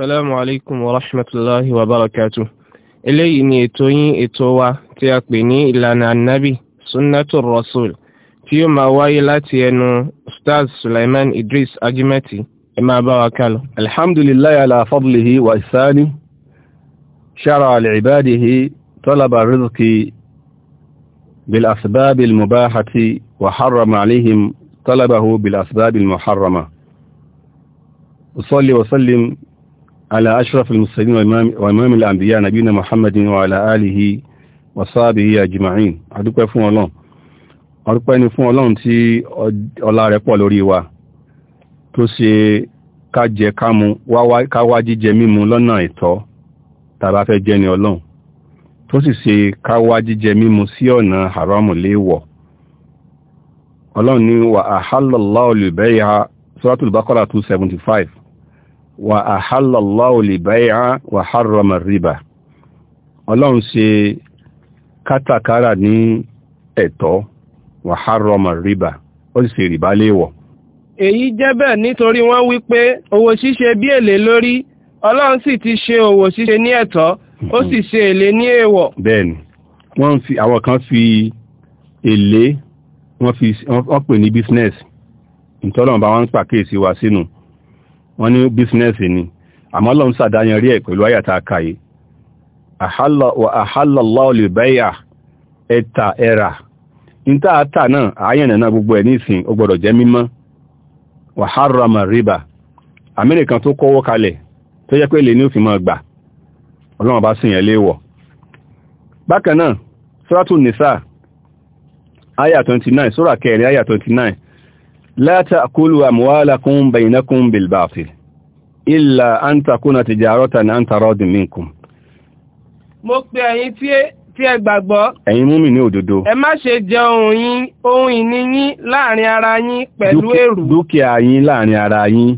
السلام عليكم ورحمة الله وبركاته إلي إني توين إتوا تيقبني إلا النبي سنة الرسول في ما ويلاتي أنو أستاذ سليمان إدريس أجمتي ما باركال الحمد لله على فضله وإحسانه شرع لعباده طلب الرزق بالأسباب المباحة وحرم عليهم طلبه بالأسباب المحرمة أصلي وسلم على أشرف المرسلين وإمام الأنبياء نبينا محمد وعلى آله وصحبه أجمعين أدúpẹ́ fún Ọlọ́run ọdúpẹ́ ni fún Ọlọ́run tí ọlá rẹ̀ pọ̀ lórí wa tó ṣe ká jẹ ká mu ká wá jíjẹ mímu lọ́nà ìtọ́ tàbá fẹ́ jẹ́ ni Ọlọ́run tó sì ṣe ká wá jíjẹ mímu sí ọ̀nà haramu léèwọ̀ Ọlọ́run ni wà áhálọ́lá olùbẹ́yà Suratul Baqara 275 wà àhálàláwò lè báyà wà rìbà ọlọ́run ṣe kátàkárà ní ẹ̀tọ́ wà hárọmà rìbà ó sì ṣe rìbá léèwọ̀ èyí jẹ́ bẹ́ẹ̀ nítorí wọ́n wí pé òwò ṣíṣe bí èlé lórí ọlọ́run sì ti ṣe owó ṣíṣe ní ẹ̀tọ́ ó sì ṣe èlé ní èèwọ̀. bẹ́ẹ̀ni wọ́n fi àwọn kan fi èlé wọ́n pè ní business ìtọ́lọ́mọba wọn ń pàkíyèsí wa sínú. Si wọ́n ní bísínẹ́sì ni àmọ́ lọ́n sàdáyàn rí ẹ̀ pẹ̀lú àyàtà àkàyè àhálàláwò lè bẹ́yà ẹta ẹra níta àtà náà àáyànà gbogbo ẹ̀ nísìn ó gbọ́dọ̀ jẹ́ mímọ́ wàhárọ̀mà rìbà amẹ́ríkan tó kọ́wọ́ kalẹ̀ tó jẹ́ pé lè ní òfin máa gbà ọlọ́run bá sìn yẹn léèwọ̀ 29 لا تأكلوا أموالكم بينكم بالباطل إلا أن تكون تجارة أن تراض منكم mo pe ẹ̀yin tí ẹ gbàgbọ́ ẹ̀yin múmi ní òdodo ẹ má ṣe jẹ ohun ìní yín láàrin ara yín pẹ̀lú èrú dúkìá yín láàrin ara yín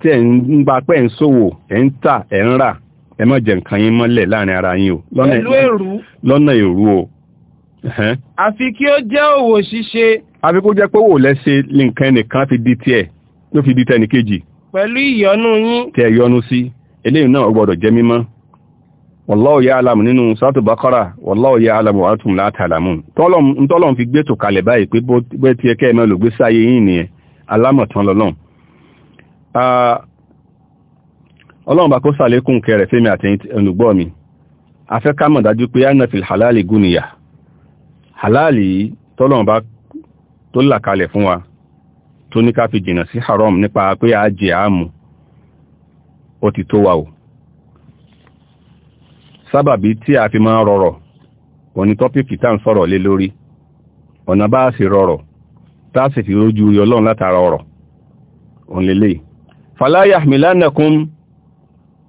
tí ẹ̀ ń gba pẹ́ ń ṣòwò ẹ̀ ń tà ẹ̀ ń rà ẹ má jẹ nǹkan yín mọ́lẹ̀ láàrin ara yín o pẹ̀lú èrú lọ́nà èrú o àfi kí ó jẹ́ òwò ṣíṣe àfi kó jẹ́ pé wò lẹ́sẹ̀ nǹkan ẹnìkan fi di tiẹ̀ ló fi di tẹnì kejì. pẹ̀lú ìyọnu yín. tẹ ìyọnu sí eléyìí náà gbọ́dọ̀ jẹ́ mímọ́ wallahu ya'lamu nínú sọ́tù bọ́kọ́rà wallahu ya'lamu wa antum la ta'lamun ntọ́lọ́n fi gbé tòkalẹ̀ báyìí pé bó ti ẹkẹ́ ẹ̀mẹ́ olùgbé sáyé yìí nìyẹn alámọ̀tán lọ́lọ́n ọlọ́run bá kó sàlékún kẹrẹ fẹ́mi àti olùgbọ́ mi afẹ́ dájú pé anna halali gúnìyà halali tọ́lọ́run bá tó là kalẹ̀ fún wa tó ní ká fi jìnà sí haram nípa pé a jẹ àmù ó ti tó wa o sábàbí tí a fi máa rọrọ̀ òní tọ́pìkì tá ń sọ̀rọ̀ lé lórí ọ̀nà bá sì rọrọ̀ tá sì fi rójú rí ọlọ́run látara ọ̀rọ̀ òun lélẹ̀ fala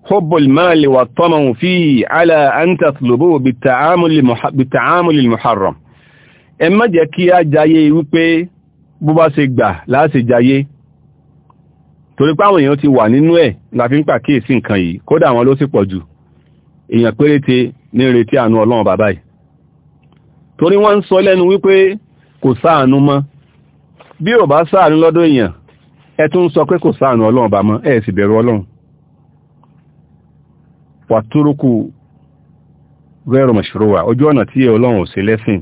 hubbul mali wa tama'u fi ala an tatlubu bit ta'amuli muharram e má jẹ́ kí a jayé wípé bó bá ṣe gbà láàṣe jayé torí páwọn èèyàn ti wà nínú ẹ̀ la fi ń pàkíyèsí nǹkan yìí kódà àwọn ló sì pọ̀ jù èèyàn péréte ní retí àánú ọlọ́run bàbá yìí torí wọ́n ń sọ lẹ́nu wípé kò sáànú mọ́ bí ò bá sáànú lọ́dọ̀ èèyàn ẹ tún sọ pé kò sáànú ọlọ́run bá ẹ sì bẹ̀rù ọlọ́run wàtúrúkù ojú ọ̀nà tí ọlọ́run ò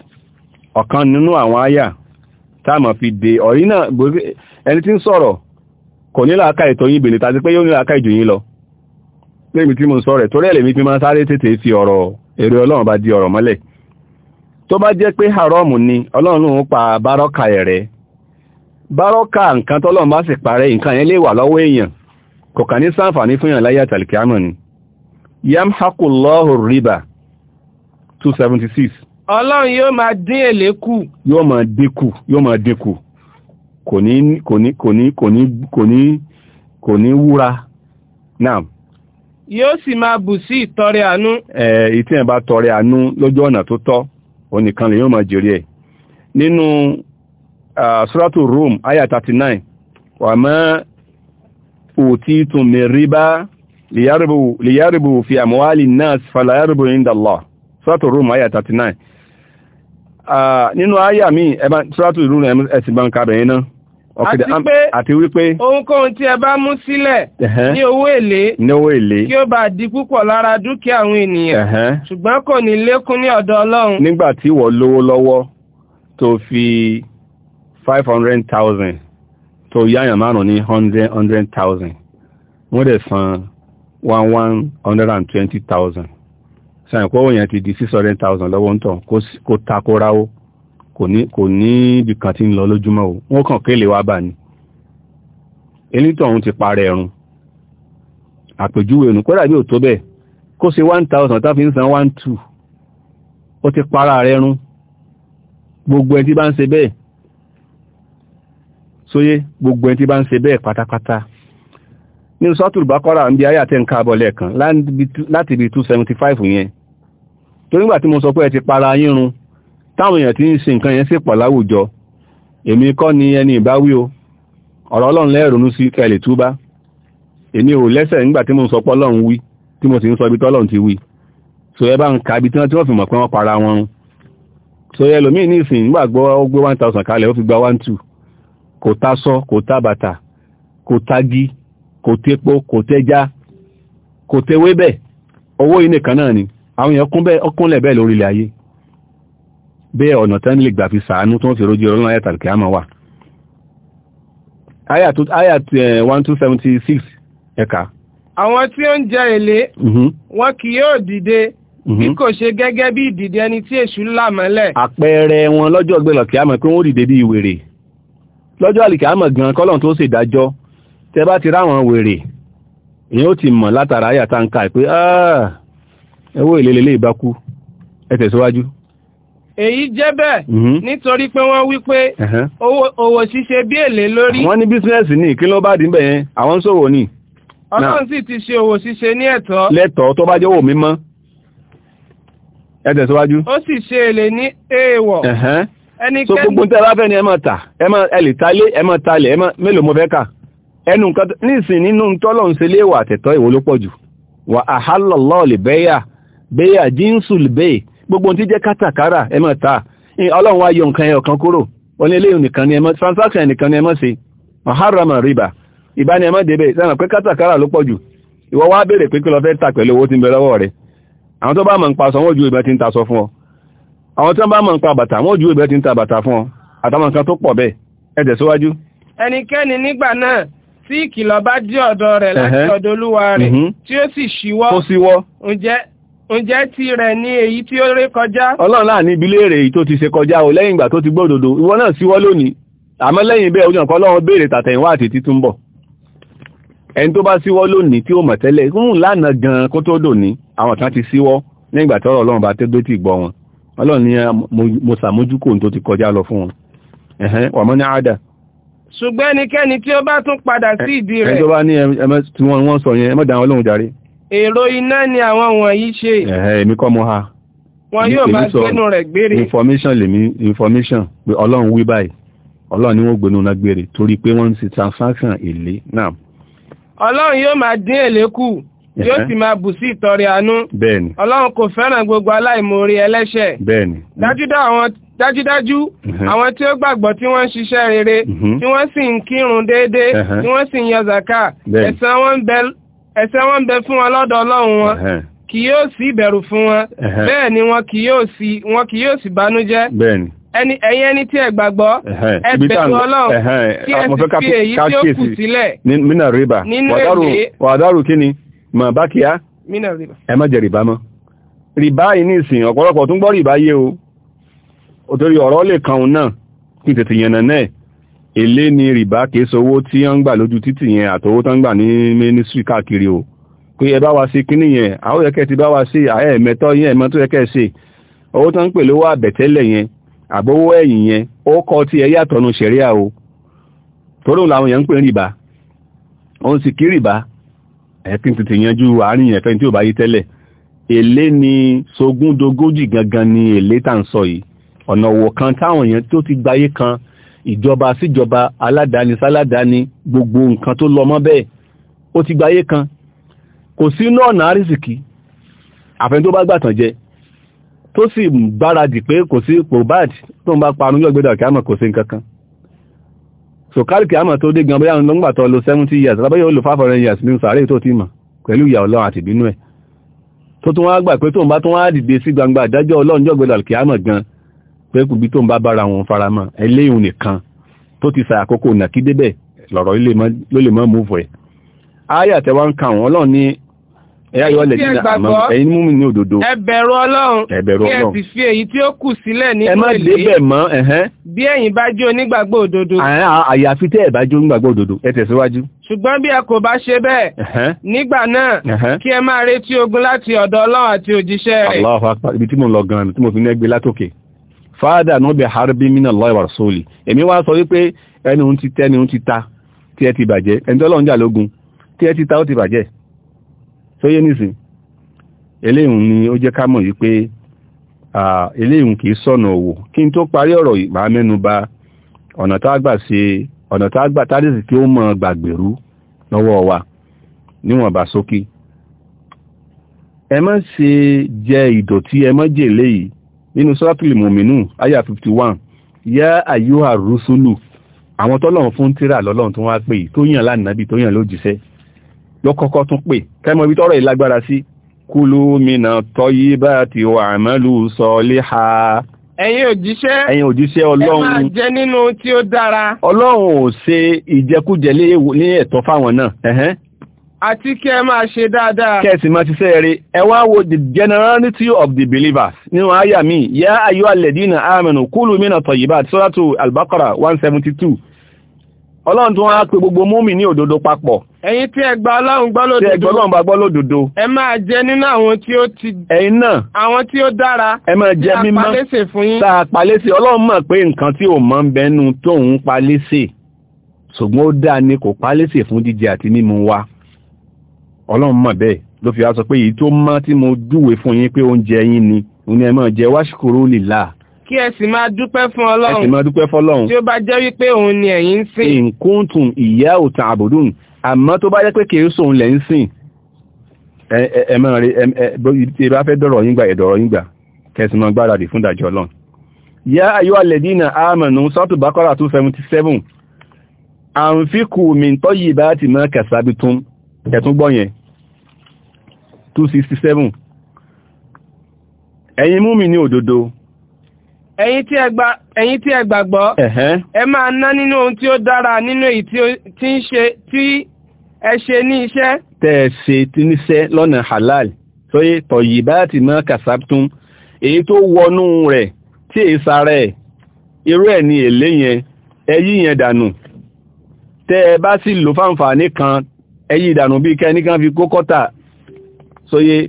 ọ̀kan nínú àwọn àyà táàmà fi dé ọ̀rí náà ẹni tí ń sọ̀rọ̀ kò ní làákà ìtọ́ yín bèèrè tàbí pé yóò ní làákà ìjòyìn lọ lẹ́mi tí mo ń sọ rẹ̀ torí ẹ̀lẹ́mi fi máa sáré tètè fi ọ̀rọ̀ èrè ọlọ́run bá di ọ̀rọ̀ mọ́lẹ̀ tó bá jẹ́ haram ni ọlọ́run pa bárọ́kà bárọ́kà nǹkan tọ́lọ́run bá sì parẹ́ nǹkan yẹn lè wà lọ́wọ́ èèyàn kò kàn ní sáǹfààní fún láyé ni riba ọlọ́run yóò máa dín èlé kù yóò máa dínkù yóò máa dínkù kò ní kò ní kò ní kò ní kò ní kò ní wúra náà yóò sì máa bù sí ìtọrẹ àánú ẹ̀ ìtí ẹ̀ bá tọrẹ àánú lójú ọ̀nà tó tọ́ onìkan lè yóò máa jèrè ẹ̀ nínú suratu Rum aya 39 wà mọ́ òtítùn mẹ́rìbá lìyàrìbù fi àmúwálì náà fàlàyàrìbù indallah suratu Rum aya 39 nínú àyà mi ẹba tíwátù ìlú ẹ̀sìn bá ń ka bẹ̀yìn náà ọ̀kẹ́dẹ̀ àti wípé ohunkóhun tí ẹ bá mú sílẹ̀ ní owó èlé ní owó èlé kí ó bá di púpọ̀ lára dúkìá àwọn ènìyàn ṣùgbọ́n kò ní lékún ní ọ̀dọ̀ Ọlọ́run nígbà tí wọ́n lówó lọ́wọ́ tó fi 500,000 tó yáyàn márùn ní 100,000 wọ́n dẹ̀ san 120,000 sàn kó òyìn ti di six hundred thousand lọ́wọ́ ń tàn kó takora ó kò ní kò ní ibì kan tí ń lọ lójúmọ́ o wọ́n kàn kéèlè wá bà ní elítọ̀hún ti parẹ́ ẹ̀rùn àpèjúwe nù kódà bí ò bẹ́ẹ̀ kó ṣe one thousand tá fi ń san one two ó ti para rẹ̀ run gbogbo ẹni tí bá ń ṣe bẹ́ẹ̀ sóyé gbogbo ẹni tí bá ń ṣe bẹ́ẹ̀ pátápátá nínú sọ́tùlù bá kọ́ra ń bí ayé àtẹ́ǹkà abọ́lẹ̀ kan láti bí 275 yẹn tó nígbà tí mo sọ pé ẹ ti para yín run táwọn èèyàn ti ń ṣe nǹkan yẹn sì pọ̀ láwùjọ èmi kọ́ ni ẹni ìbáwí o ọ̀rọ̀ ọlọ́run lẹ́rùnú sí kẹlẹ̀ túbá èmi ò lẹ́sẹ̀ nígbà tí mo sọ pé ọlọ́run wí tí mo sì ń sọ ibi tọ́lọ́run ti wí so ẹ bá ń ka ibi tí wọ́n tí wọ́n fi mọ̀ pé wọ́n para wọn run so ẹlòmíì ní ìsìn nígbà gbọ́ ó gbé 1000 kalẹ̀ ó fi gba 12 kò ta sọ kò ta bàtà kò tagi kò tepo kò tẹja kò tewébẹ̀ owó yìí nìkan náà ni àwọn èèyàn kúnlẹ̀ bẹ́ẹ̀ lórí ilẹ̀ ayé bẹ́ẹ̀ ọ̀nà tán lè gbà fi sàánú tó ń fi rójú ọlọ́run ayẹ́tàlì kí a máa wà ayat 1276 eh, ẹ̀ka àwọn tí ó ń jẹ èlé mhm. wọn kì yóò dìde mhm. bí kò ṣe gẹ́gẹ́ bí ìdìde ẹni tí èṣù là mọ́lẹ̀ àpẹẹrẹ wọn lọ́jọ́ ọgbẹ́lọ̀ kí a mọ̀ pé wọ́n dìde bí wèrè lọ́jọ́ àlìkí a gan kọ́lọ̀n tó ṣèdájọ́ tẹ bá ti ráwọn wèrè èyí ó ti mọ̀ látara ayàtà ń ka pé ah ẹwọ́ ìlélẹ́lẹ́ ìbákú ẹ èyí jẹ́ bẹ́ẹ̀ mhm. nítorí pé wọ́n wí pé òwò ṣíṣe bí èlé lórí wọ́n ní bísínẹ́sì ní kí bá dín bẹ̀yẹn àwọn ń ni. ọlọ́run sì ti ṣe owó ṣíṣe ní ẹ̀tọ́ lẹ́tọ̀ọ́ tó bá jẹ́ mímọ́ ó ṣe èlé ní èèwọ̀ so gbogbo bá fẹ́ ni ẹ ẹ bẹ́yà jinsul bẹ́ẹ̀ gbogbo tí jẹ́ kátàkárà emeta ta ọlọ́run wá nǹkan kúrò ilé ni ẹ transaction nìkan ni ẹ má ṣe ọ̀hárama rìbà ni débẹ̀ sẹ́nà pé kátàkárà ló pọ̀ jù wá béèrè pé kí fẹ́ tà pẹ̀lú owó tí pa sanwó ju sọ fún ọ àwọn tó bá mọ̀ ń pa bàtà wọ́n ju ìbẹ́ tí ń ta bàtà fún ọ àtàwọn nǹkan tó pọ̀ bẹ́ẹ̀ ẹ tẹ̀síwájú. ẹnikẹ́ni nígbà náà tí ìkìlọ̀ bá ọ̀dọ̀ rẹ̀ ǹjẹ́ ti rẹ̀ ni èyí tí ó ré kọjá. ọlọ́run náà ní ìbílẹ̀ èrè èyí tó ti ṣe kọjá o lẹ́yìn ìgbà tó ti gbódòdó ìwọ náà síwọ́ lónìí àmọ́ lẹ́yìn bẹ́ẹ̀ ojú ọ̀kan ọlọ́run béèrè tàtẹ̀yìnwá àti títún bọ̀ ẹni tó bá síwọ́ lónìí tí ó mọ̀ tẹ́lẹ̀ ń lànà gan kó tó dòní àwọn kan ti síwọ́ nígbà tí ọ̀rọ̀ ọlọ́run bá tẹ́ dótì gbọ́ wọn ọlọ́run ni mo ṣàmójúkò tó ti kọjá lọ fún wọn ọmọ ní àádà ṣùgbọ́n ẹnikẹ́ni tí ó bá tún padà sí ìdí rẹ̀ ẹni tó bá ní ẹmẹ́ tí wọ́n sọ yẹn ẹmọ́ ọlọ́run jàre èrò iná ni àwọn wọ̀nyí ṣe èmi kọ́ mo ha wọn yóò bá gbénu rẹ̀ gbére information lèmi information pé ọlọ́run wí báyìí ọlọ́run ni wọ́n gbénu náà gbére torí pé wọ́n ń transaction èlé náà ọlọ́run yóò máa dín èlé kù yóò sì máa bù sí ìtọrẹ àánú bẹ́ẹ̀ni ọlọ́run kò fẹ́ràn gbogbo aláìmoore ẹlẹ́ṣẹ̀ bẹ́ẹ̀ni dájúdájú àwọn tí ó gbàgbọ́ tí wọ́n ń ṣiṣẹ́ rere mhm. tí wọ́n sì ń kírun déédéé tí wọ́n sì ń yan zaka ẹ̀san wọn ń bẹ ese wọn bẹ fún wọn lọ́dọ̀ ọlọ́run wọn kì yóò sí ìbẹ̀rù fún wọn bẹ́ẹ̀ ni wọn kì yóò sí wọn kì yóò sì bánújẹ́ ẹni ẹ̀yin ẹni tí ẹ gbàgbọ́ ẹ bẹ̀rù kí ẹ sì fi èyí tí ó kù sílẹ. nínú èdè wàdàrú kí ni mọ̀ bá kíá ẹ má jẹ rìbá mọ́ rìbá yìí ní ìsìn ọ̀pọ̀lọpọ̀ tún gbọ́ rìbá yé o òtòrí ọ̀rọ̀ lè kan òun náà kí tètè yànnà náà èlé ni rìbá kìí sowó tí wọ́n ń gbà lójú títì yẹn àtowó tó ń gbà ní mínísírì káàkiri o pé ẹ bá wa sí kíní yẹn àwọn yẹkẹ ti bá wa sí àẹ́ẹ̀mẹ́tọ́ yẹn ẹ̀mọ́ tó yẹkẹ ṣe owó tó ń pè lówó àbẹ̀tẹ́lẹ̀ yẹn àbówó ẹ̀yìn yẹn ó kọ tí ẹ yàtọ̀ nu ṣẹ̀ríà o torí làwọn yẹn ń pè rìbá òun sì kí rìbá ẹ̀kín tètè yanjú àárín yẹn fẹ́ni tí ò bá yí tẹ́lẹ̀ èlé ni sogúndogójì gangan ni èlé tá ń sọ yìí ọ̀nà òwò kan táwọn ìjọba síjọba aládàáni sáládàáni gbogbo nǹkan tó lọ mọ́ bẹ́ẹ̀ ó ti gbáyé kan kò sí inú ọ̀nà àrísìkí àfẹn tó bá gbàtàn jẹ tó sì gbáradì pé kò sí provide tó ń bá parun yóò gbédà kí á mọ̀ kò sí nǹkan kan so kárìkì àmọ̀ tó dé gan bóyá ń lọ́ngbà tó lo 70 years lábẹ́yẹ́ ó lo 500 years ní sàárè tó ti mọ̀ pẹ̀lú ìyà ọlọ́run àti ìbínú ẹ̀ tó tún wá gbà pé tóun bá tún wá dìde sí gbangba àdájọ́ ọlọ́run jọ́gbẹ̀dà kìámọ̀ gan pẹ́kù bí tó ń bá bára wọn faramọ́ ẹlẹ́yìn nìkan tó ti sa àkókò nàkí débẹ̀ lọ̀rọ̀ ló lè mọ́ múfọ̀ ẹ̀ ayé àtẹwà ń kàwọn ọlọ́run ní ẹ̀yà yọ lẹ̀ dídá àmọ́ ẹ̀yin mú mi ní òdodo ẹ bẹ̀rù ọlọ́run ẹ bẹ̀rù ọlọ́run kí ẹ sì fi èyí tí ó kù sílẹ̀ nínú èlé ẹ má débẹ̀ mọ́ ẹ̀hẹ́n bí ẹ̀yin bá jẹ́ onígbàgbọ́ òdodo àyàfi tẹ́ ṣùgbọ́n bí ẹ kò bá ṣe bẹ́ẹ̀ nígbà náà kí ẹ máa retí ogun láti ọ̀dọ̀ ọlọ́run àti òjíṣẹ́ rẹ̀ fáádà náà bẹ̀ harbi mina Allahi wa rasuli èmi wá sọ wípé ẹni òun ti tẹ́ ni òun ti ta tí ẹ ti bàjẹ́ ẹni tó lọ́njà lógun tí ẹ ti ta ó ti bàjẹ́ tó yé nìsín eléyìí ni ó jẹ́ ká mọ̀ wípé eléyìí kì í sọ̀nà òwò kí n tó parí ọ̀rọ̀ ìgbà mẹ́nu ba ọ̀nà tá gbà ṣe ọ̀nà tá gbà tádìsì tí ó mọ gbàgbèrú lọ́wọ́ wa níwọ̀nba sókè ẹ má ṣe jẹ ìdọ̀tí ẹ má jèlé yìí nínú sọ́rọ̀tìlì mòmínú àyà 51 yá àyíwá rúsúlù àwọn tọ́lọ̀n fún tíra lọ́lọ́n tó wá pè tó yàn lánàábì tó yàn lójíṣẹ́ lọ́kọ́kọ́ tún pè kẹ́mọ́ ibi tọ́rọ̀ ìlágbára sí kúlú mìnà tọ́yí bá ti wà mẹ́lú sọ́líhà ẹ̀yin òjíṣẹ́ ẹ̀yin òjíṣẹ́ ọlọ́run ẹ máa jẹ nínú tí ó dára ọlọ́run ò ṣe ìjẹkújẹ ní ẹ̀tọ́ fáwọn náà àti kí ẹ máa ṣe dáadáa. kẹ́sì máa ti sẹ́ẹ̀rẹ́ ẹ wo the generality of the believers nínú àyà mi yá ayọ́ alẹ́dínà amanu kúlù mínà tọ̀yìbá suratu albakara one seventy two ọlọ́run tó wá pe gbogbo múmi ní òdodo papọ̀. ẹ̀yin tí ẹ gba ọlọ́run gbọ́ lódodo. tí ẹ gba ọlọ́run gbọ́ lódodo. ẹ máa jẹ nínú àwọn tí ó ti. ẹ̀yin náà. àwọn tí ó dára. ẹ máa jẹ mímọ́. tá a palẹ́sẹ̀ fún yín. tá a palẹ́sẹ̀ ọlọ́run mọ̀ pé nǹkan tí ò mọ́ ń bẹ́nu tóun palẹ́sẹ̀ ṣùgbọ́n ó dáa ni kò palẹ́sẹ̀ fún jíjẹ ọlọ́run mọ̀ bẹ́ẹ̀ ló fi wá sọ pé èyí tó mọ́ tí mo júwe fún yín pé oúnjẹ yín ni òun ni ẹ máa jẹ wáṣíkòrò lìlá kí ẹ sì máa dúpẹ́ fún ọlọ́run ẹ sì máa dúpẹ́ fọlọ́run tí ó bá jẹ́ wípé òun ni ẹ̀yin ń sìn nkóńtùn ìyá òtàn àbòdùn àmọ́ tó bá jẹ́ pé kìí sóun lẹ̀ ń sìn ẹ máa rí ẹ bá fẹ́ dọ̀rọ̀ yín gbà ẹ̀dọ̀rọ̀ yín gbà kẹsì máa gbáradì fún ìdájọ́ ọlọ́run yá ayọ́ alẹ́dínà àmọ̀nù sọ́tù bákọ́rà 277 àǹfíkù mìntọ́yì bá ti máa kẹsàbí tún ẹ̀tún gbọ́yẹn 267 ẹ̀yin múmi ní òdodo ẹ̀yin tí ẹ gbàgbọ́ ẹ máa ná nínú ohun tí ó dára nínú èyí tí ń ṣe tí ẹ ṣe ní iṣẹ́ tẹ́ tí níṣẹ́ lọ́nà halal sóyé tọ̀yì báyà ti mọ́ kàṣàtún èyí tó wọnú rẹ̀ tí èyí sára ẹ̀ irú ẹ̀ ni èlé yẹn ẹ yí yẹn dànù tẹ́ ẹ bá sì lò fáǹfààní kan ẹ dànù bíi kẹ́nìkan fi kó sóyé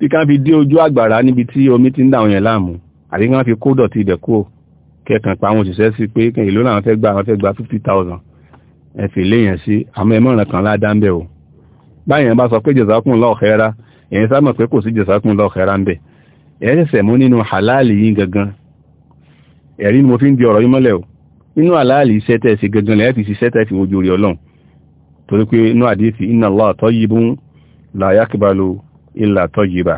bí ká fi dé ojú àgbàrá níbi tí omi ti ń dà àwọn yẹn láàmú àbí ká fi kó dọ̀tí ibẹ̀ kúrò kẹkàn pa àwọn òṣìṣẹ́ sí pé kí ìlú làwọn fẹ́ gba àwọn fẹ́ gba fifty thousand ẹ fi lé yẹn sí àmọ́ ẹmọ́ràn kan ládá ń bẹ̀ o báyẹn bá sọ pé jẹ̀sákùn lọ́ọ̀kẹ́ra èyí sámọ̀ pé kò sí jẹ̀sákùn lọ́ọ̀kẹ́ra ń bẹ̀ ẹ̀ẹ́sẹ̀ mú nínú àláàlì yìí gangan ẹ̀rí ni mo fi ń di ọ̀rọ̀ yìí mọ́lẹ̀ o nínú àláàlì iṣẹ́ tẹ́ ṣe gangan lẹ́ẹ̀fi ṣiṣẹ́ tẹ́ fi wojú rí ọlọ́run torí pé inú àdífi inna Allah tayyibun la yakbalu ìlà tọ́yìbà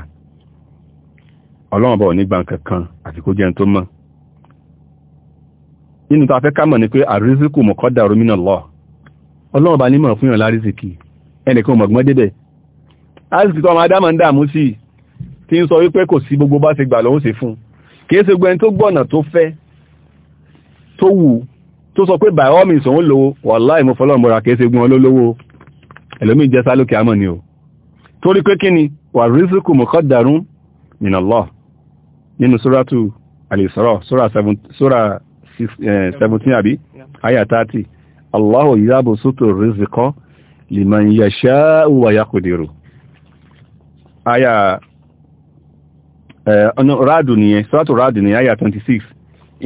ọlọ́run bọ̀ nígbà kankan àti kó jẹun tó mọ́ nínú tó afẹ́ kámọ̀ ni pé àrísíkù mọ̀kọ́dà romina lọ ọlọ́run bá nímọ̀ fún yàn lárísìkì ẹnìkan mọ̀gbọ́n débẹ̀ àrísìkì tó ọmọ adámọ̀ ń dààmú sí ti ń sọ wípé kò sí gbogbo bá ṣe gbà lọ́wọ́ sí fún kìí ṣe gbẹni tó gbọ̀nà tó fẹ́ tó wù jẹ́ sálókè àmọ́ ni o torí pé kí ni wà rízùkù mọ̀kọ́dàrún minallah nínú sóràtù alìsọ́rọ̀ sórà 17 àbí àyà 30 Allahu yábò sótò rízùkọ liman yasha'u wa yaqdiru àyà eh, ọ̀nà ráàdù nìyẹn sóràtù ráàdù nìyẹn àyà 26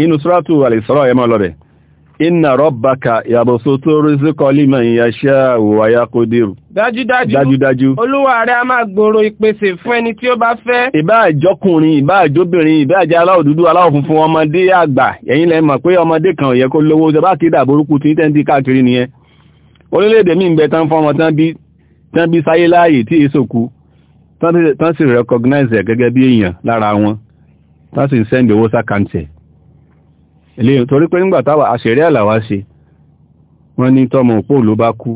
inú sóràtù alìsọ́rọ̀ ẹmọ́ lọ́bẹ̀ẹ́ inna rabbaka yabsutu rizqa liman yasha'u wa yaqdiru dájúdájú dájúdájú olúwa rẹ̀ a máa gbòòrò ìpèsè fún ẹni tí ó bá fẹ́ ìbá ìjọkùnrin ìbá ìjóbìnrin ìbá ìjẹ́ aláwọ̀ dúdú aláwọ̀ funfun ọmọdé àgbà ẹ̀yin lẹ mọ̀ pé ọmọdé kan ò yẹ kó lówó ṣe bá kéde àbórúkú tí tẹ́ǹtì káàkiri nìyẹn orílẹ̀-èdè mi ń bẹ tán fọmọ tán bí tán bí sáyé láàyè tí èsòkú tán sì recognize ẹ̀ gẹ́gẹ́ bí èèyàn lára wọn tán sì ń sẹ́ǹdì owó eléyìn torí pé nígbà táwa àṣẹ̀rí àlàwà ṣe wọ́n ní tọ́mọ òpó ló bá kú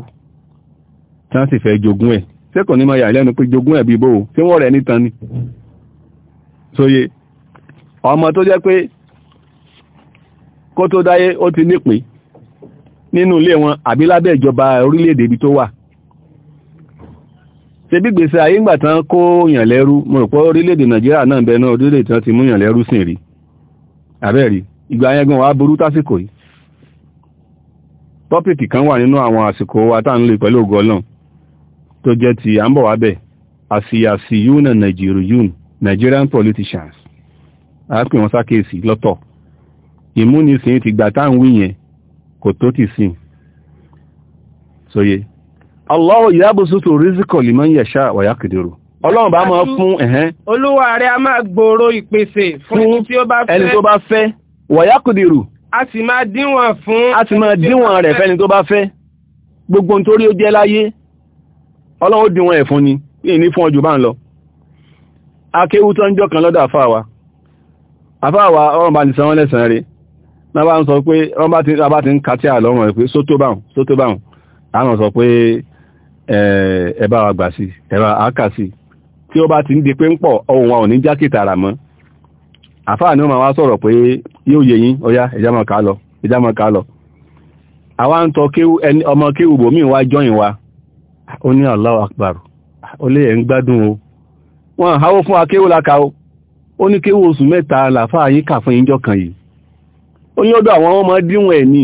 tí wọ́n sì fẹ́ jogún ẹ̀ ṣé kò ní máa yà lẹ́nu pé jogún ẹ̀ bí bóò tí wọ́n rẹ̀ nítan ni sóye ọmọ tó jẹ́ pé kó tó dáyé ó ti nípìn nínú ilé wọn àbí lábẹ́ ìjọba orílẹ̀-èdè ibi tó wà ṣe bí gbèsè ayé ńgbà tán kó yàn lẹ́rú mo rò pé orílẹ̀-èdè nàìjíríà náà bẹ̀ẹ́ náà orílẹ̀-èdè tán ti mú yàn lẹ́rú sìn rí àbẹ́ẹ̀rí ìgbà yẹn gan wà burú tásìkò yìí tọ́pìkì kan wà nínú àwọn àsìkò wa tá ń lè pẹ̀lú ògo Ọlọ́run tó jẹ́ ti à ń bọ̀ wábẹ̀ àsìyàsì yúnà Nigerian Nigerian politicians àápè wọn sákèsì lọ́tọ̀ ìmúnisìn ti gbà táà ń wí yẹn kò tó ti sìn sóye Allahu yábùsùtù rízíkọ̀ liman yasha wa yaqdiru Ọlọ́run bá máa fún ẹ̀hẹ́n Olúwa rẹ̀ a máa gbòòrò ìpèsè fún ẹni tó bá fẹ́ wọ̀yákùdìrù a sì máa díwọ̀n fún a sì máa díwọ̀n rẹ̀ fẹ́ni tó bá fẹ́ gbogbo nítorí ó jẹ́ láyé ọlọ́run díwọ̀n ẹ̀ fún ni ìní fún ọjọ́ bá ń lọ akéwú tó ń jọ kan lọ́dọ̀ àfáàwà àfáàwà ọ̀rọ̀ bá ní sanwó lẹ́sàn rẹ̀ náà bá ń sọ pé ọ̀rọ̀ bá ti ń kàtí àlọ́rùn ẹ̀ pé sótó báhùn sótó báhùn àwọn àfáà ni ó máa wá sọ̀rọ̀ pé yóò yẹ yín ọya ẹjá máa ká lọ ẹjá máa ká lọ àwa ń tọ ọmọ kéwù bòmí wá jọyìn wa ó ní Allahu Akbar ó lè ń gbádùn o wọ́n háwó fún akéwù láka o ó ní kéwù oṣù mẹ́ta làfáà yín kà fún yínjọ́ kan yìí ó ní ọdọ̀ àwọn ọmọ díwọ̀n ẹ̀ ní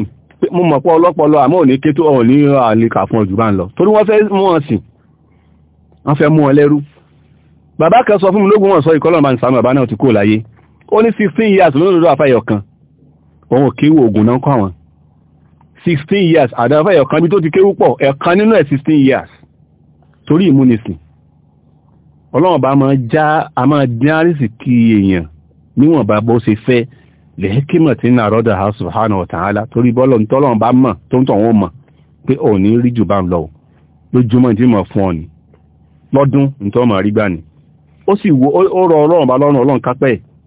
mo mọ̀ pọ̀ ọlọ́pọlọ àmọ́ ò ní ké tó ọ̀hún ní àlekà fún ọjù bá ń lọ torí wọ́n fẹ́ mú wọn sìn wọ́n fẹ́ mú wọn lẹ́rú bàbá kan sọ fún mi lógún wọn sọ ìkọlọ́mà ń sàmì bàbá náà ti kó láyé ó ní 16 years lónìí àfáyọ̀ kan òun ò kéwú ogun náà kọ́ àwọn 16 years àdáfáyọ̀ kan bí tó ti kéwú pọ̀ ẹ̀kan nínú 16 years torí ìmúnisìn ọlọ́run bá máa já a máa dín àrísì kí èèyàn níwọ̀n bá bó ṣe fẹ́ lẹ́ẹ̀kímọ̀ tí náà rọ́dà house torí bọ́lọ̀ ní tọ́lọ́run bá mọ̀ tó ń tọ̀wọ́n mọ̀ pé rí jù bá ń lọ lójúmọ́ tí wo ó rọ ọlọ́run bá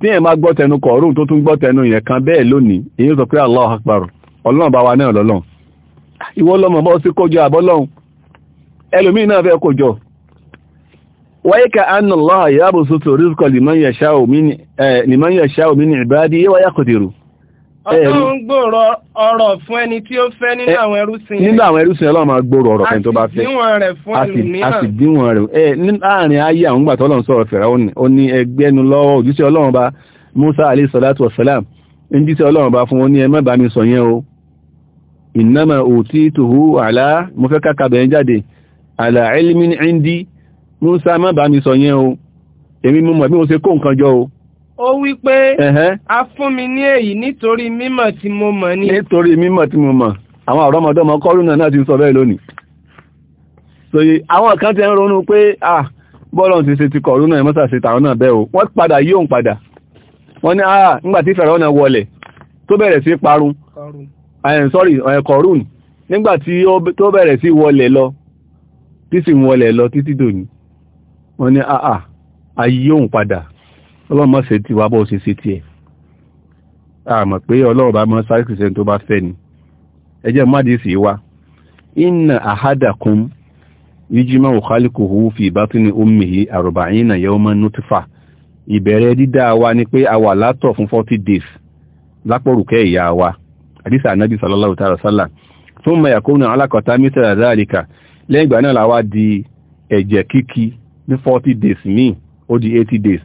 tí ẹ̀ máa gbọ́ tẹnu kọ̀ọ̀rùn tó tún gbọ́ tẹnu yẹn kan bẹ́ẹ̀ lónìí èyí sọ pé Allahu Akbar ọlọ́run bá wa náà lọ́lọ́run ìwọ lọ́mọ bọ́ sí kójọ àbọ́lọ́run ẹlòmíì náà fẹ́ kójọ wáyíká anàláà yàbùsùtò rizqo liman yasha'u min ibadihi wa yaqdiru Ọlọ́run gbòòrò ọ̀rọ̀ fún ẹni tí ó fẹ́ nínú àwọn ẹrúsìn rẹ̀. Nínú àwọn ẹrúsìn Ọlọ́run máa gbòòrò ọ̀rọ̀ fẹ́ni tó bá fẹ́. A sì díwọ̀n rẹ̀ ẹ láàrin ayé àwọn ìgbà tọ́lọ́run sọ̀rọ̀ fẹ̀rẹ̀ ó ní ẹgbẹ́nu lọ́wọ́ òjíṣẹ́ Ọlọ́run bá Musa alayhi salatu wassalam níbi tí Ọlọ́run bá fún ó ní ẹ má bá mi sọ yẹn o innama utituhu ala mo fẹ́ káka bẹ̀rẹ̀ jáde ala ilmin indi Musa má bá mi sọ yẹn o èmi mo mọ̀ bí mo ṣe kó nǹkan jọ o ó wí pé a fún mi ní èyí nítorí mímọ̀ tí mo mọ̀ ní. nítorí mímọ̀ tí mo mọ̀ àwọn ọ̀rọ̀mọdọ́mọ kọ́rùnà náà ti ń sọ bẹ́ẹ̀ lónìí sòye àwọn kan ti ń ronú pé ah bọ́ọ̀lù ti ṣe ti kọ̀rùnà ẹ̀ mọ́sà tàwọn náà bẹ́ẹ̀ o wọ́n padà yóò ń padà wọ́n ní ah nígbà tí fẹ̀rẹ̀ ọ̀nà wọlẹ̀ tó bẹ̀rẹ̀ sí parun sorry kọ̀rùn nígbà tó bẹ̀rẹ̀ sí wọlẹ̀ lọ tí sì wọlẹ̀ lọ títí dòní wọ́n ní ah ayé òun padà ọlọ́run mọ̀ ṣe ti wá bọ́ ṣe ṣe tiẹ̀ àmọ̀ pé ọlọ́run bá mọ̀ sáré kìsẹ́ tó bá fẹ́ ni ẹjẹ́ mọ́dí sí wa inna ahadakum yíjímọ̀ òkálìkòhù fi batni ummihi arba'ina yawman nutfa ìbẹ̀rẹ̀ dídá wa ni pé a wà látọ̀ fún 40 days lápọ̀rùkẹ́ ìyá wa àdísà anábì sallallahu ta'ala sallam thumma yakunu alákọ̀tá mítà dhalika 80 days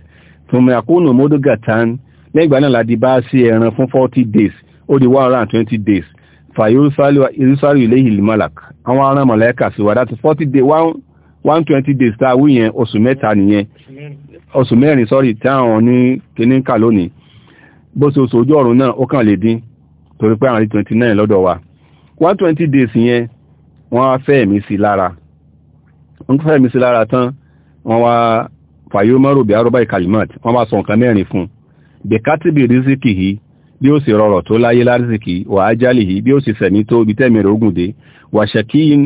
tùmọ̀ àkóónù mọ́dọ́gàtán lẹ́gbàá náà láti bá sí ẹran fún 40 days ó di 120 days fàyírúsálù ilé ìlímọ́làk àwọn aràn mọ̀lẹ́kà sí wàdá ti 40 days 120 days tá a wí yẹn oṣù mẹ́ta nìyẹn oṣù mẹ́rin sọ́rí tí àwọn ní kíníkà lónìí bó ṣe oṣù ojú ọ̀run náà ó kàn lè dín torí pé àwọn rí 29 lọ́dọ̀ wa 120 days yẹn wọ́n á fẹ́ ẹ̀mí sí lára wọ́n fẹ́ ẹ̀mí sí lára tán wọ́n wá fàyómọ́rò bí arúbá ìkàlìmọ́t wọ́n bá sọ nǹkan mẹ́rin fún bẹ̀kátìbì rísíkì yìí bí ó sì rọrọ̀ tó láyé lárísíkì wà ájálì yìí bí ó sì sẹ̀mí tó ibi tẹ́mi rẹ̀ ogun dé wà ṣẹ̀kíyìn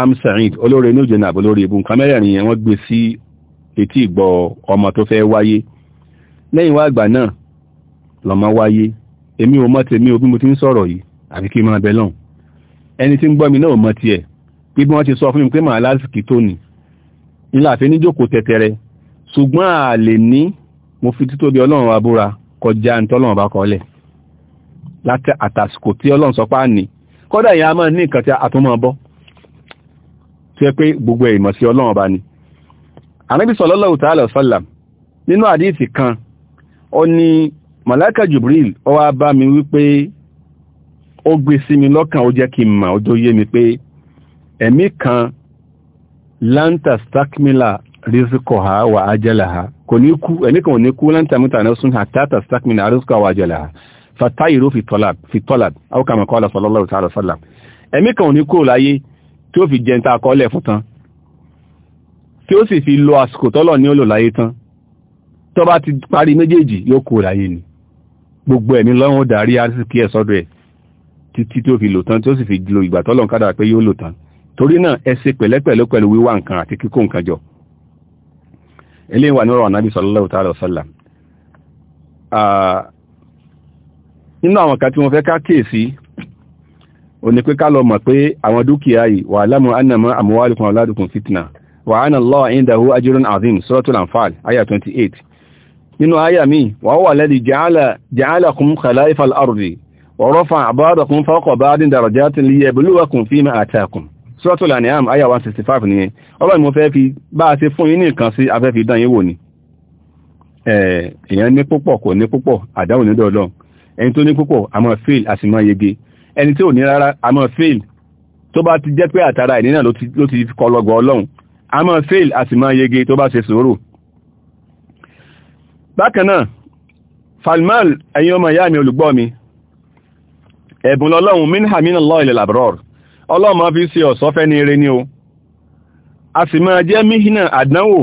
amsaid olóore inú ìjẹ̀nà àbò lórí ibu nǹkan mẹ́rin yẹn wọ́n gbé sí etí ìgbọ́ ọmọ tó fẹ́ wáyé lẹ́yìn wá àgbà náà lọ́mọ wáyé èmi ò mọ̀ tèmi ò mo ti ń sọ̀rọ̀ yìí àfi kí n máa bẹ lọ́hùn ẹni tí ń gbọ́ mi náà ò mọ̀ tiẹ̀ bí wọ́n ti sọ fún mi pé màá lásìkò tó nì nílà àfẹ́ níjòkó tẹ̀tẹ̀rẹ̀ ṣùgbọ́n a lè ní mo fi títóbi ọlọ́run wa búra kọjá ní tọ́lọ́run bá kọ́lẹ̀ láti àtàsìkò tí ọlọ́run sọ páà ní kọ́dà yẹn a máa ní nǹkan tí a tún máa bọ́ tí ẹ pé gbogbo ìmọ̀ sí ọlọ́run bá ní anábì sallallahu ta'ala sallam nínú àdíìsì kan ó ní màláíkà Jibril ó wá bá mi wípé ó gbé sí mi lọ́kàn ó jẹ́ kí n mọ̀ ó jó yé mi pé ẹ̀mí kan láńtà stakmila rizikoha wa ajalaha kò ní kú ẹnìkan ò ní kú láńtà mítà náà sún àtàtà stakmila rizikoha wa ajalaha fatayiru fi tọ́lab fi tọ́lab awokama kọ́lá sallallahu ta'ala sallam ẹ̀mí kan ò ní kú láyé tí ó fi jẹun tá a kọ́lẹ̀ fún tán tí ó sì fi lo àsìkò tọ́lọ̀ ní ó lò láyé tán tó bá ti parí méjèèjì yóò kú láyé ni gbogbo ẹ̀mí lọ́wọ́ darí arísìkí ẹ̀ sọ́dọ̀ ẹ̀ títí tí ó fi lò tán tí ó sì fi lo ìgbà tọ́lọ̀ ń kádà pé yóò lò tán torí náà ẹ ṣe pẹ̀lẹ́pẹ̀lẹ́ pẹ̀lú wíwá nǹkan àti kíkó nǹkan jọ eléyìí wà nírọ̀ ànábì sallallahu ta'ala wa sallam nínú àwọn kan tí wọ́n fẹ́ ká kíyèsí ó ní pé ká lọ mọ̀ pé àwọn dúkìá yìí wa alamu annama amwalukum wa auladukum fitna wa anna Allaha indahu ajrun azim suratul anfal aya 28 nínú aya mi wa huwa alladhi ja'ala ja'alakum khalaifal ardi wa rafa'a ba'dakum fawqa ba'din darajatin liyabluwakum fima ataakum Suratul An'am àyà 165 nìyẹn ọlọ́run mo fẹ́ fi bá a ṣe fún yín ní nǹkan sí afẹ́ fi dán yín wò ni èèyàn ní púpọ̀ kò ní púpọ̀ àdáwò nídọ̀ ọlọ́run ẹni tó ní púpọ̀ a máa fail a sì máa yege ẹni tí ò ní rárá a máa fail tó bá ti jẹ́ pé àtàrà ìní náà ló ti kọ lọ́gọ̀ ọlọ́run a fail a sì yege tó bá ṣe sùúrù bákan náà falmal ẹ̀yin ọmọ ìyá mi olùgbọ́ mi ẹ̀bùn lọ́lọ́run min hamina Allah ilẹ̀ ọlọ́mọ fi ṣe ọ̀ṣọ́ fẹ́ni eré ní o a sì máa jẹ́ mihina àdánwò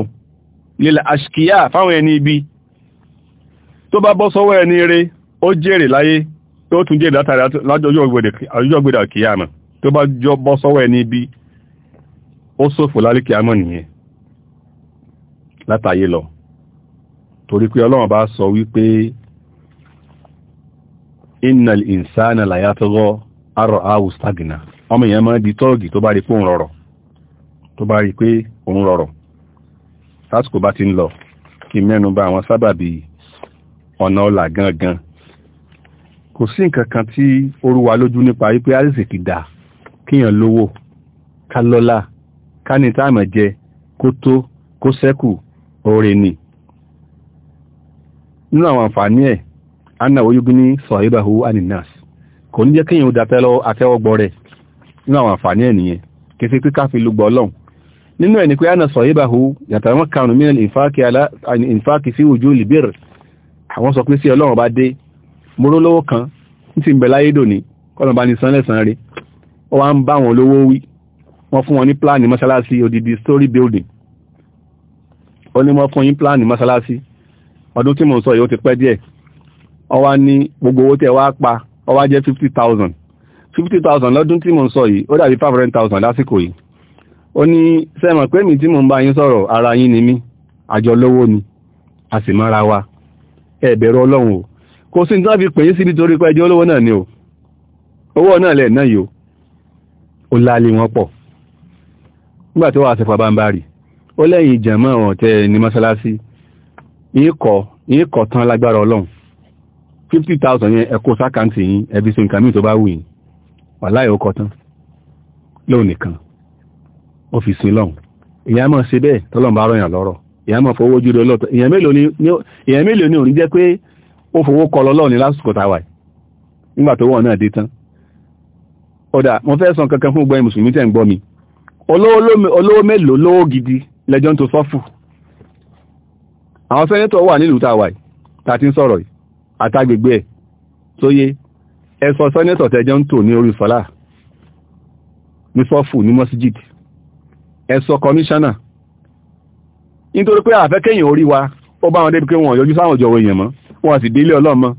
lílà àṣìkíyà fáwọn ẹni ibi tó bá bọ́ sọ́wọ́ ẹni eré ó jèrè láyé tó tún jèrè látàrí ọjọ́ gbèdà kìyàmà tó bá jọ bọ́ sọ́wọ́ ẹni ibi ó ṣòfò lálé kìyàmà nìyẹn látàyé lọ torí pé ọlọ́run bá sọ wípé innal insana layatgha ara'ahu staghna ọmọ èèyàn máa di tọ́ọ̀gì tó bá rí pé òun rọrọ̀ tó bá rí pé òun rọrọ̀ lásìkò bá ti ń lọ kí mẹ́nu bà àwọn sábàbí ọ̀nà ọ̀là gangan kò sí nǹkan kan tí ó wa lójú nípa wípé àrísìkí dà kíyàn lówó ká lọ́lá ká ní táàmù jẹ kó tó kó sẹ́kù oore ni nínú àwọn àǹfààní ẹ̀ anna oyúgbín ní sọ̀híbàhú aninas kò ní jẹ́ kíyàn ó dàtẹ́wọ́ gbọ́ rẹ̀ nínú àwọn àǹfààní ẹ̀ nìyẹn kése pé ká fi lúgbọ́ ọlọ́run nínú ẹ̀ ni pé ana sọ yíba hu yàtàwọn kanu mí ìfáàkì sí ojú olùbẹ̀rẹ̀ àwọn sọ pé sí ọlọ́run bá dé móró lówó kan ń ti ń bẹ láyé dòní kọ́nà bá ní sanlẹ̀sán rí ó wá ń bá wọn lówó wí wọ́n fún wọn ní pláàni mọ́ṣáláṣí odidi story building ó ní wọ́n fún yín pláàni mọ́ṣáláṣí ọdún tí mo sọ yìí ó ti pẹ́ díẹ̀ ó wá ní gbogbo owó tẹ́ wá pa ó wá jẹ́ 50,000 fifty thousand lọ́dún tí mo ń sọ yìí ó dàbí five hundred thousand lásìkò yìí ó ní sẹ́mọ̀ pé mi tí mo ń bá yín sọ̀rọ̀ ara yín ni mí àjọ lówó ni a sì mọ́ra wa ẹ bẹ̀rù ọlọ́run o kò sí nǹkan fi pè yín síbi torí pé ẹjọ́ olówó náà ni o owó náà lẹ̀ náà yìí o ó lálé wọn pọ̀ nígbà tó wà sẹ́fà bá ń bá rì ó lẹ́yìn ìjàmọ́ ọ̀tẹ́ ní mọ́sálásí yín kọ̀ yín kọ̀ tán lágbára ọlọ́run fifty thousand yẹn ẹ kó sákàǹtì yín ẹbí sí nǹkan míì tó bá wù yín wàláyé ó tán lóun nìkan ó fi sin lọ́hùn èèyàn máa ṣe bẹ́ẹ̀ tọ́lọ́n bá rọyàn lọ́rọ̀ fowó lọ́tọ̀ mélòó ni ò ní jẹ́ pé ó fowó kọ lọ ní lásìkò táwà nígbà tó wọ̀n náà dé tán kankan fún gbọ́n mùsùlùmí tẹ̀ ń gbọ́ mi olówó mélòó lówó gidi lẹ́jọ́ tó sọ́fù àwọn wà nílùú táwà ń sọ̀rọ̀ àtàgbègbè ẹ̀ tó yé ẹ̀sọ sọ́nẹ́tọ̀ tẹ́jọ́ ń tò ní orí sọ́lá ní sọ́fù ní mọ́síjìd ẹ̀sọ kọmíṣánà nítorí pé àfẹ́kẹ́yìn orí wa ó bá wọn débi pé wọn yọjú sáwọn ìjọwọ́ èèyàn mọ́ wọn sì délé ọlọ́mọ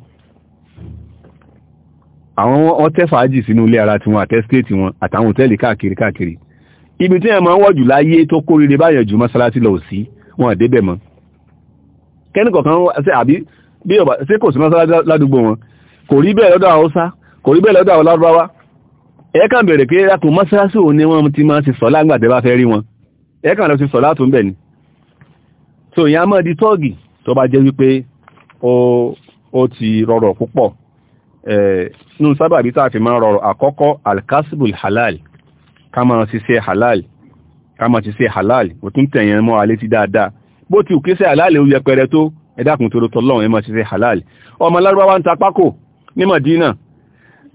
àwọn wọn tẹ́ fàájì sínú ilé ara tiwọn àtẹ́stéètì wọn àtàwọn òtẹ́ẹ̀lì káàkiri káàkiri ibi tí ẹ̀mọ́ wọ̀ jù láyé tó kórìíre báyàn jù mọ́sálásí lọ sí wọn débẹ̀ mọ́ kẹ́nìkọ̀ọ̀kan àbí bí ọ̀bà sí kò sí mọ́sálásí ládùúgbò wọn kò rí bẹ́ẹ̀ lọ́dọ̀ haúsá kò rí bẹ́ẹ̀ lọ́dọ̀ àwọn lárúbáwá ẹ kàn bẹ̀rẹ̀ pé ẹ̀kù mọ́ṣáláṣí òun ni wọ́n ti máa ti sọ lágbàdẹ́ bá fẹ́ rí wọn ẹ lọ ti sọ látún bẹ̀ ni so ìyá mọ́ di tọ́ọ̀gì tó bá jẹ́ wípé ó ti rọrọ̀ púpọ̀ nù sábàbí tá a fi máa rọrọ̀ àkọ́kọ́ alkasibul halal ká máa ṣiṣẹ́ halal ká máa ṣiṣẹ́ halal ó tún tẹ̀yẹn mọ́ alé ti dáadáa bó ti òkè ṣe halal ó yẹpẹrẹ tó ẹ dákun tó lọ́wọ́ ẹ máa ṣiṣẹ́ halal ọmọ lárúbáwá ń tapákò ní Madina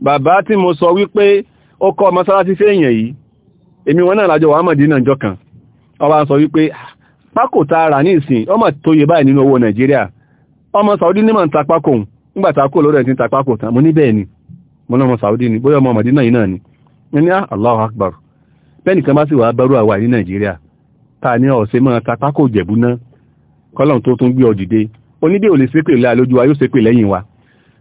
bàbá tí mo sọ wípé ó kọ́ mọ́sálásí fẹ́yìn yìí èmi wọn náà lájọ wà Madina jọ kan ọba sọ wípé ah, pákò tá a rà ní ìsìn ọmọ tó yẹ báyìí nínú owó Nàìjíríà ọmọ Saudi ní màá ń ta pákò nígbà tá a kó lórí ẹ̀ tí ń ta tán mo ní ni mo náà mọ Saudi ni bóyá ọmọ Madina yìí náà ni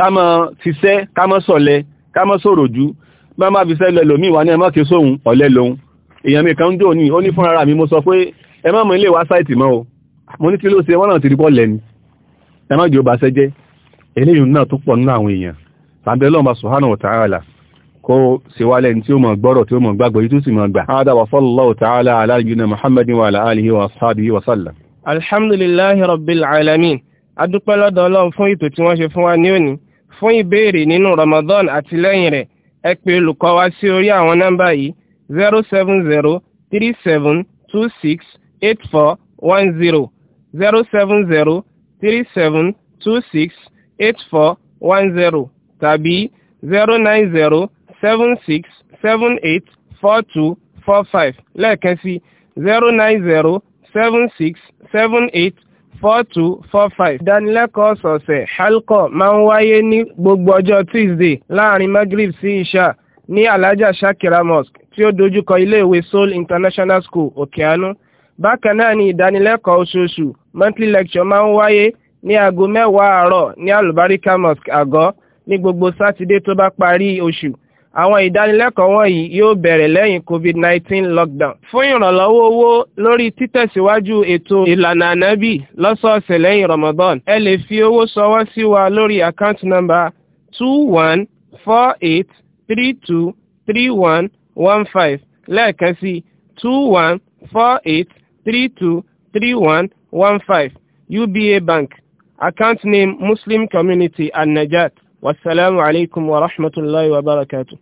kámọ́ ṣiṣẹ́ kámọ́ sọ̀lẹ̀ kámọ́ sòròjú bá má fi sẹ́lẹ̀ lòmí wà ní ẹmọ́ sóhun ọ̀lẹ́ lòun èèyàn mi kan jò ní ó ní fúnra mi mo sọ pé ẹ má ilé wa sáìtì mọ́ o mo ní kí ló ṣe wọ́n náà ti rí bọ́ọ̀lẹ̀ ni ẹ má ó bá ṣẹ́ eléyìí náà tó pọ̀ nínú àwọn èèyàn tàbí ọlọ́mà subhanahu wa ta'ala kó síwálẹ̀ tí ó mọ̀ gbọ́rọ̀ tí ó mọ̀ gbàgbọ́ yìí tó sì mọ̀ gbà. hada wa sallallahu ta'ala ala nabiyyina muhammadin wa alihi wa ashabihi wa sallam. alhamdulillahi rabbil alamin adúpẹ́ lọ́dọ̀ ọlọ́run fún ètò tí wọ́n ṣe fún wa ní òní fún ìbéèrè nínú Ramadan àti lẹ́yìn rẹ̀ ẹ pè olùkọ́ wa sí orí àwọn nọ́mbà yìí zero seven zero three seven two six eight four one zero zero seven zero three seven two six eight four one zero tàbí zero nine zero seven six seven eight four two four five lẹ́ẹ̀kan sí zero nine zero seven six seven eight four two four five. ìdánilẹ́kọ̀ọ́ ọ̀sọ̀ọ̀sẹ̀ halkọ máa ń wáyé ní gbogbo ọjọ́ tuesday láàrin magrib sí isha ní alhaja shakira mosque tí ó dojúkọ iléèwé seoul international school òkèánú bákan náà ni ìdánilẹ́kọ̀ọ́ oṣooṣù monthly lecture máa ń wáyé ní aago mẹ́wàá àárọ̀ ní alubarika mosque àgọ́ ní gbogbo sátidé tó bá parí oṣù àwọn ìdánilẹ́kọ̀ọ́ wọ̀nyí yóò bẹ̀rẹ̀ lẹ́yìn covid-19 lockdown. fún ìrànlọ́wọ́ owó lórí títẹ̀síwájú ètò ìlànà ànábì lọ́sọ̀ọ̀sẹ̀ lẹ́yìn ramadan ẹ lè fi owó ṣọwọ́ sí wa lórí account number two one four eight three two three one one five lẹ́ẹ̀kan sí two one four eight three two three one one five uba bank account name muslim community and najat. والسلام wa ورحمة wa وبركاته